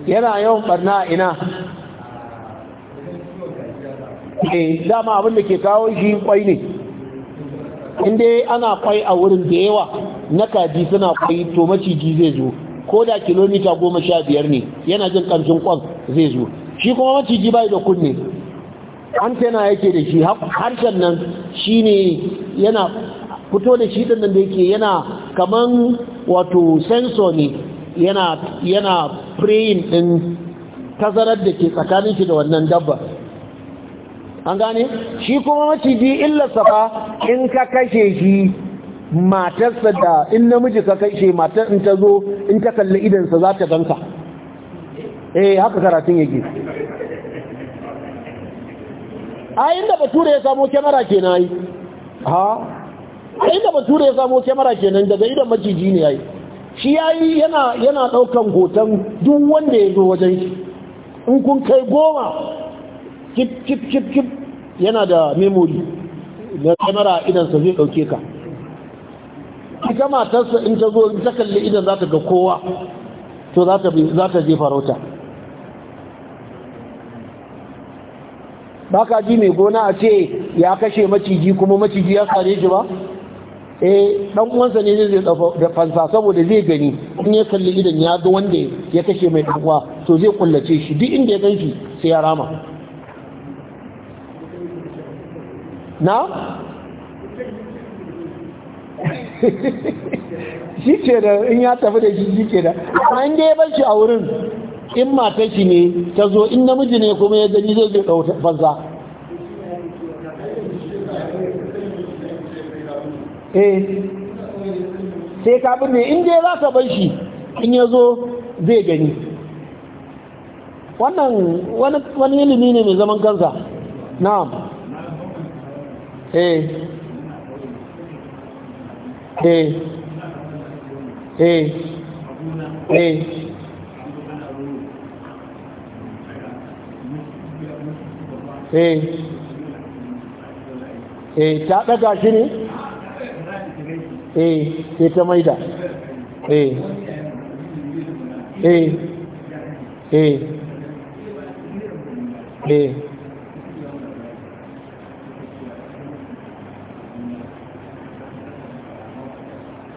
yana yawan barna ina eh dama abin da ke kawo shi kwai ne inda ana kwai a wurin da yawa na kaji suna kwai to maciji zai zo ko da kilomita goma sha biyar ne yana jin ƙamshin ƙwan zai zo shi kuma maciji bai da kunne antena yake da shi harshen nan shi ne yana fito da shi ɗin nan da yake yana kaman wato sensor ne yana yana ɗin tazarar da ke tsakanin shi da wannan dabba an gane shi kuma maciji illarsa fa in ka kashe shi matarsa da in namiji ka kai shi matar in ta zo in ta kalli idansa za ta ganka eh haka karatun yake a inda bature ya samu kyamara na yi ha a inda bature ya samo kyamara kenan daga idan maciji ne yi, shi ya yi yana daukan hoton duk wanda ya zo wajen shi in kun kai goma kip kip kip kip yana da memory na kyamara idan sa zai dauke ka ita matarsa in ta zo ta kalli idan za ta ga kowa to za ta je farauta ba ka ji mai gona a ce ya kashe maciji kuma maciji ya sare shi ba eh dan uwansa ne zai da fansa saboda zai gani in ya kalli idan ya ga wanda ya kashe mai dukwa to zai kullace shi duk inda ya ganshi sai ya rama na shi ce da in ya tafi da shi shi ke da amma in dai bar shi a wurin in mata shi ne ta zo in namiji ne kuma ya gani zai zai ɗauta banza. eh sai ka ne in dai za ka bar shi in ya zo zai gani wannan wani ilimi ne mai zaman kansa na'am eh eh eh eh eh eh ta daga shi ne eh sai ta maida eh eh eh eh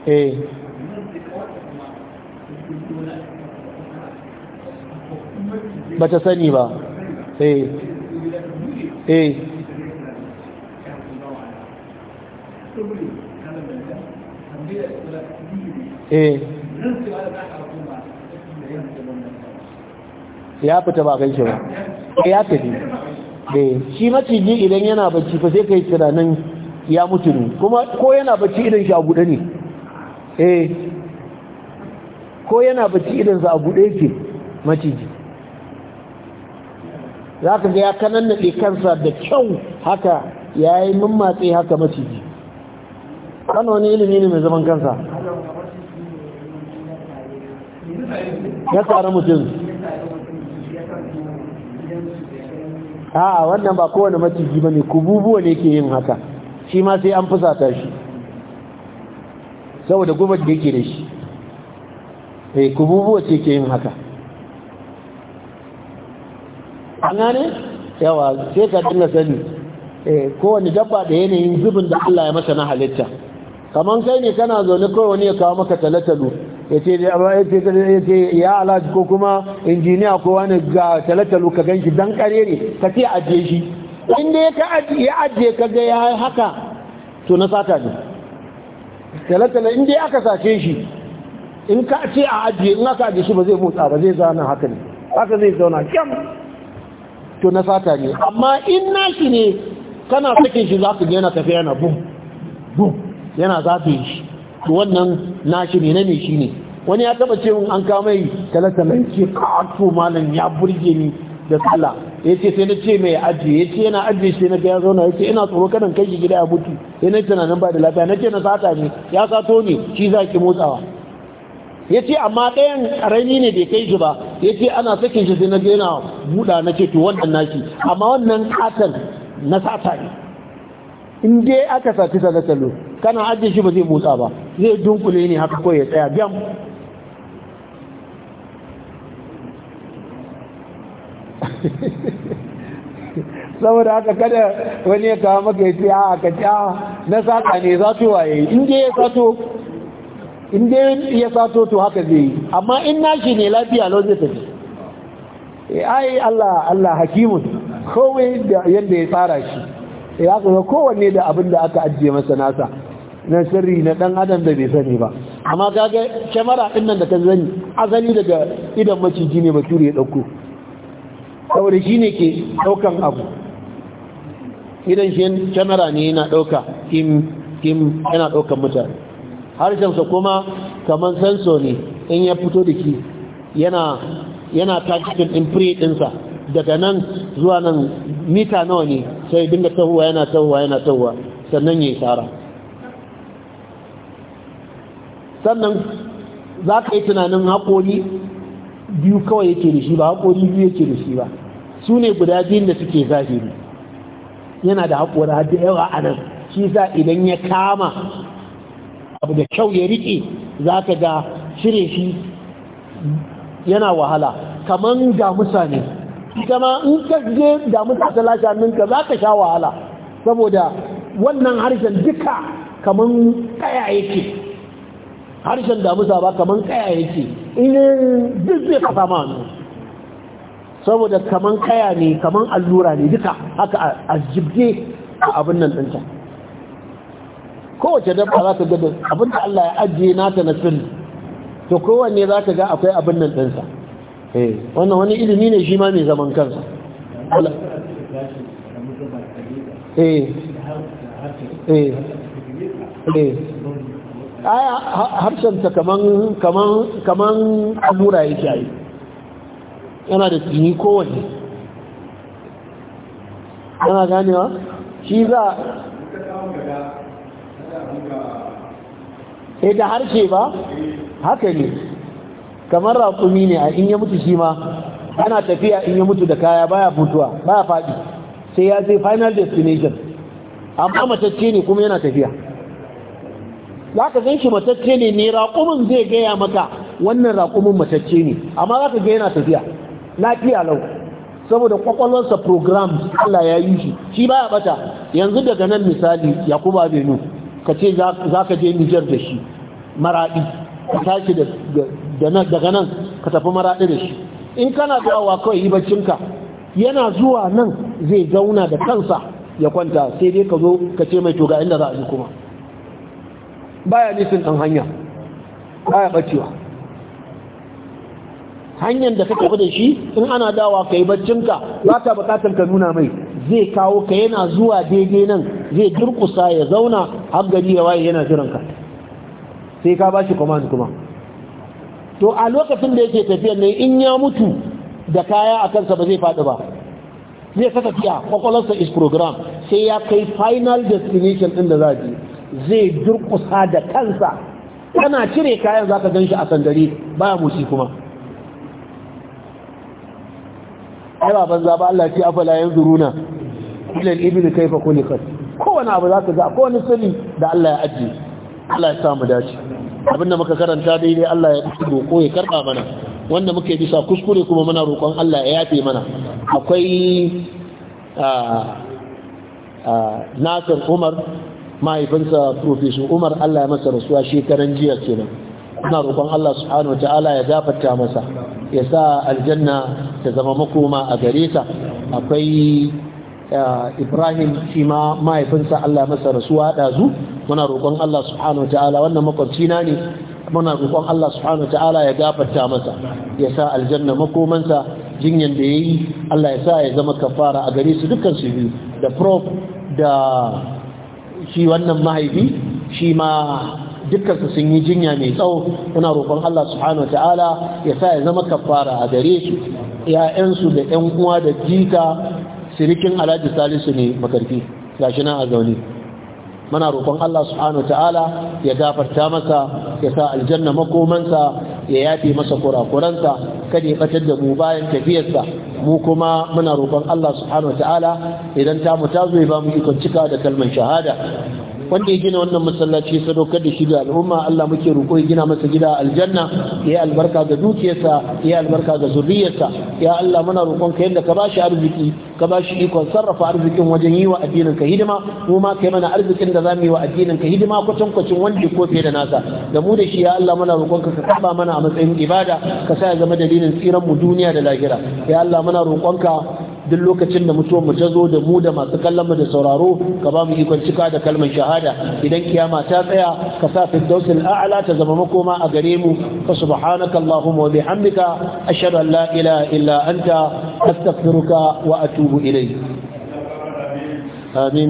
Eh. ba ta sani ba eh. Eh. ya fita ba kai shi ba ya tafi eh shi maciji idan yana bacci fa sai kai tunanin ya mutu ne kuma ko yana bacci idan shi a ne eh ko yana bacci idansa a buɗe yake maciji za ka ga ya kanannaɗe kansa da kyau haka ya yi mummatsi haka maciji kan wani ilimi ne mai zaman kansa ya tsara mutum a wannan ba kowane maciji ba ne kububuwa ne ke yin haka shi ma sai an fusata shi saboda gubar da yake da shi eh kububuwa ce ke yin haka ana ne? yawa sai ka dinga sani eh kowane dabba da yanayin zubin da Allah ya masa na halitta kaman kai ne kana zaune kawai wani ya kawo maka talatalu ya ce ya ce ya alaji ko kuma injiniya ko wani ga talatalu ka ganki dan kare ne ka ce ajiye shi inda ya ajiye ka ga ya haka to na sata ne talatala in dai aka sake shi in ka ce a ajiye in aka ajiye shi ba zai motsa ba zai zana haka ne haka zai zauna kyam to na sata ne amma in nashi ne kana sakin shi za ka yana tafiya na bum bum yana zafi shi to wannan nashi ne na me shi ne wani ya taba ce an kama yi talatala ya ce ka malam ya burge ni da sallah ya ce sai na ce mai ajiye ya ce yana ajiye sai na ga ya zauna ya ce ina tsoro kanan kai shi gida ya mutu ya na tunanin ba da lafiya na ce na sata ne ya sato ne shi za ki motsawa ya ce amma ɗayan ƙarami ne bai kai shi ba ya ce ana sakin shi sai na ga yana buɗa na ce to wannan nashi amma wannan katon na sata ne in dai aka sati sanatallo kana ajiye shi ba zai motsa ba zai dunkule ne haka kawai ya tsaya biyan saboda aka kada wani ya kawo maka yake a ka ja na saka ne za su waye in ya sato to haka zai yi amma in nashi ne lafiya lau zai tafi eh, ai Allah Allah hakimun kowai yadda ya tsara shi ya eh, kuma kowanne da abin da aka ajiye masa nasa na sirri na dan adam da bai sani ba amma kaga kyamara ɗin nan da ta zani asali daga idan maciji ne bature ya ɗauko saboda shi ne ke ɗaukan abu idan shi kyamara ne yana ɗauka kim kim yana ɗaukan mutane harshensa kuma kamar sanso ne in ya fito da ki yana yana takitin ɗin ɗinsa daga nan zuwa nan mita nawa ne sai dinga tahuwa yana tahuwa yana tahuwa sannan ya yi tsara sannan za ka yi tunanin haƙori biyu kawai yake da shi ba haƙori biyu yake da shi ba su ne guda biyun da suke zahiri yana da haƙura da yawa a nan shi za idan ya kama abu da kyau ya riƙe za ka ga cire shi yana wahala kamar damusa ne kama in ka je damusa ta lashe hannunka za ka sha wahala saboda wannan harshen duka kamar kaya yake harshen damusa ba kamar kaya yake in duk zai kasa ma saboda kaman kaya ne kaman allura ne duka haka a jibge a abin nan ɗinta kowace dabba za ka ga abin da Allah ya ajiye na ta sirri to kowanne za ka ga akwai abin nan ɗinsa eh, wannan wani ilimi ne shi ma mai zaman kansa eh eh eh aya harshen ta kaman kaman kaman allura yake yi yana da tuni kowanne yana ganewa shi za a eh, da harshe ba haka ne kamar raƙumi ne a in ya mutu shi ma ana tafiya in ya mutu da kaya baya mutuwa baya faɗi sai ya zai final destination amma matacce ne kuma yana tafiya za ka gan shi matacce ne ne raƙumin zai gaya maka wannan raƙumin matacce ne amma za ka gaya yana tafiya lafiya lau saboda kwakwalwarsa program Allah ya yi shi shi baya bata yanzu daga nan misali yakuba benu ka ce za ka je nijar da shi maraɗi ka tashi daga nan ka tafi maraɗi da shi in kana zuwa kawai yi baccinka yana zuwa nan zai zauna da kansa ya kwanta sai dai ka zo ka ce mai toga inda za a ji kuma baya nisan ɗan hanya baya ɓacewa hanyar da ka tafi da shi in ana dawa ka yi baccinka za ka bukatar ka nuna mai zai kawo ka yana zuwa daidai nan zai durkusa ya zauna har gari ya waye yana jiran ka sai ka bashi command kuma to a lokacin da yake tafiyar ne in ya mutu da kaya a kansa ba zai faɗi ba zai ta tafiya kwakwalwarsa is program sai ya kai final destination din da za je zai durkusa da kansa kana cire kayan za ka gan shi a sandare baya musi kuma ala banza ba Allah ce afala yanzuruna ila al-ibli kayfa ko wani abu zaka ga wani sani da Allah ya ajiye Allah ya samu dace abinda muka karanta dai-dai Allah ya tsoro ko ya karba mana wanda muke bisa kuskure kuma muna roƙon Allah ya yafe mana akwai nasir umar mahaifinsa profesor umar Allah ya masa rasuwa shekaran jiya kenan muna roƙon Allah subhanahu wa ta'ala ya gafarta masa ya sa aljanna ta zama makoma a gare ta akwai ibrahim shi ma mahaifinsa allah masa rasuwa ɗazu muna roƙon allah subhanahu wa ta'ala wannan makwabci na ne muna roƙon allah subhanahu wa ta'ala ya gafarta masa ya sa aljanna makomansa jinyan da ya yi allah ya sa ya zama kafara a gare su dukkan su biyu da prof da shi wannan mahaifi shi ma dukkansu sun yi jinya mai tsawo muna roƙon Allah subhanahu ta'ala ya sa ya zama kafara a gare su ‘ya'yansu da ‘yan uwa da jika sirikin alhaji salisu ne makarfi gashi nan a zaune muna roƙon Allah subhanahu ta'ala ya gafarta masa ya sa aljanna makomansa ya yafe masa kura-kuransa kada ya batar da mu bayan tafiyarsa mu kuma muna roƙon Allah subhanahu ta'ala idan ta mu ta zo ya ba mu ikon cika da kalmar shahada wanda ya gina wannan masallaci ya sadaukar da shi ga al'umma Allah muke roƙo ya gina masa gida aljanna ya albarka ga dukiyarsa ya albarka ga zuriyarsa ya Allah muna roƙon ka yadda ka bashi arziki ka ba shi ikon sarrafa arzikin wajen yi wa addinin ka hidima mu ma kai mana arzikin da zamu yi wa addinin ka hidima kwatan kwacin wanda ko fiye da nasa da mu da shi ya Allah muna roƙonka ka ka saba mana a matsayin ibada ka sa ya zama dalilin tsiran mu duniya da lahira ya Allah muna roƙonka ka duk lokacin da mutuwar mu ta zo da mu da masu kallon mu da sauraro ka ba mu ikon cika da kalmar shahada idan kiyama ta tsaya ka sa firdaus al'ala ta zama makoma a gare mu fa subhanaka allahumma wa bihamdika ashhadu an la ilaha illa anta astaghfiruka wa atubu ونتوب إليه آمين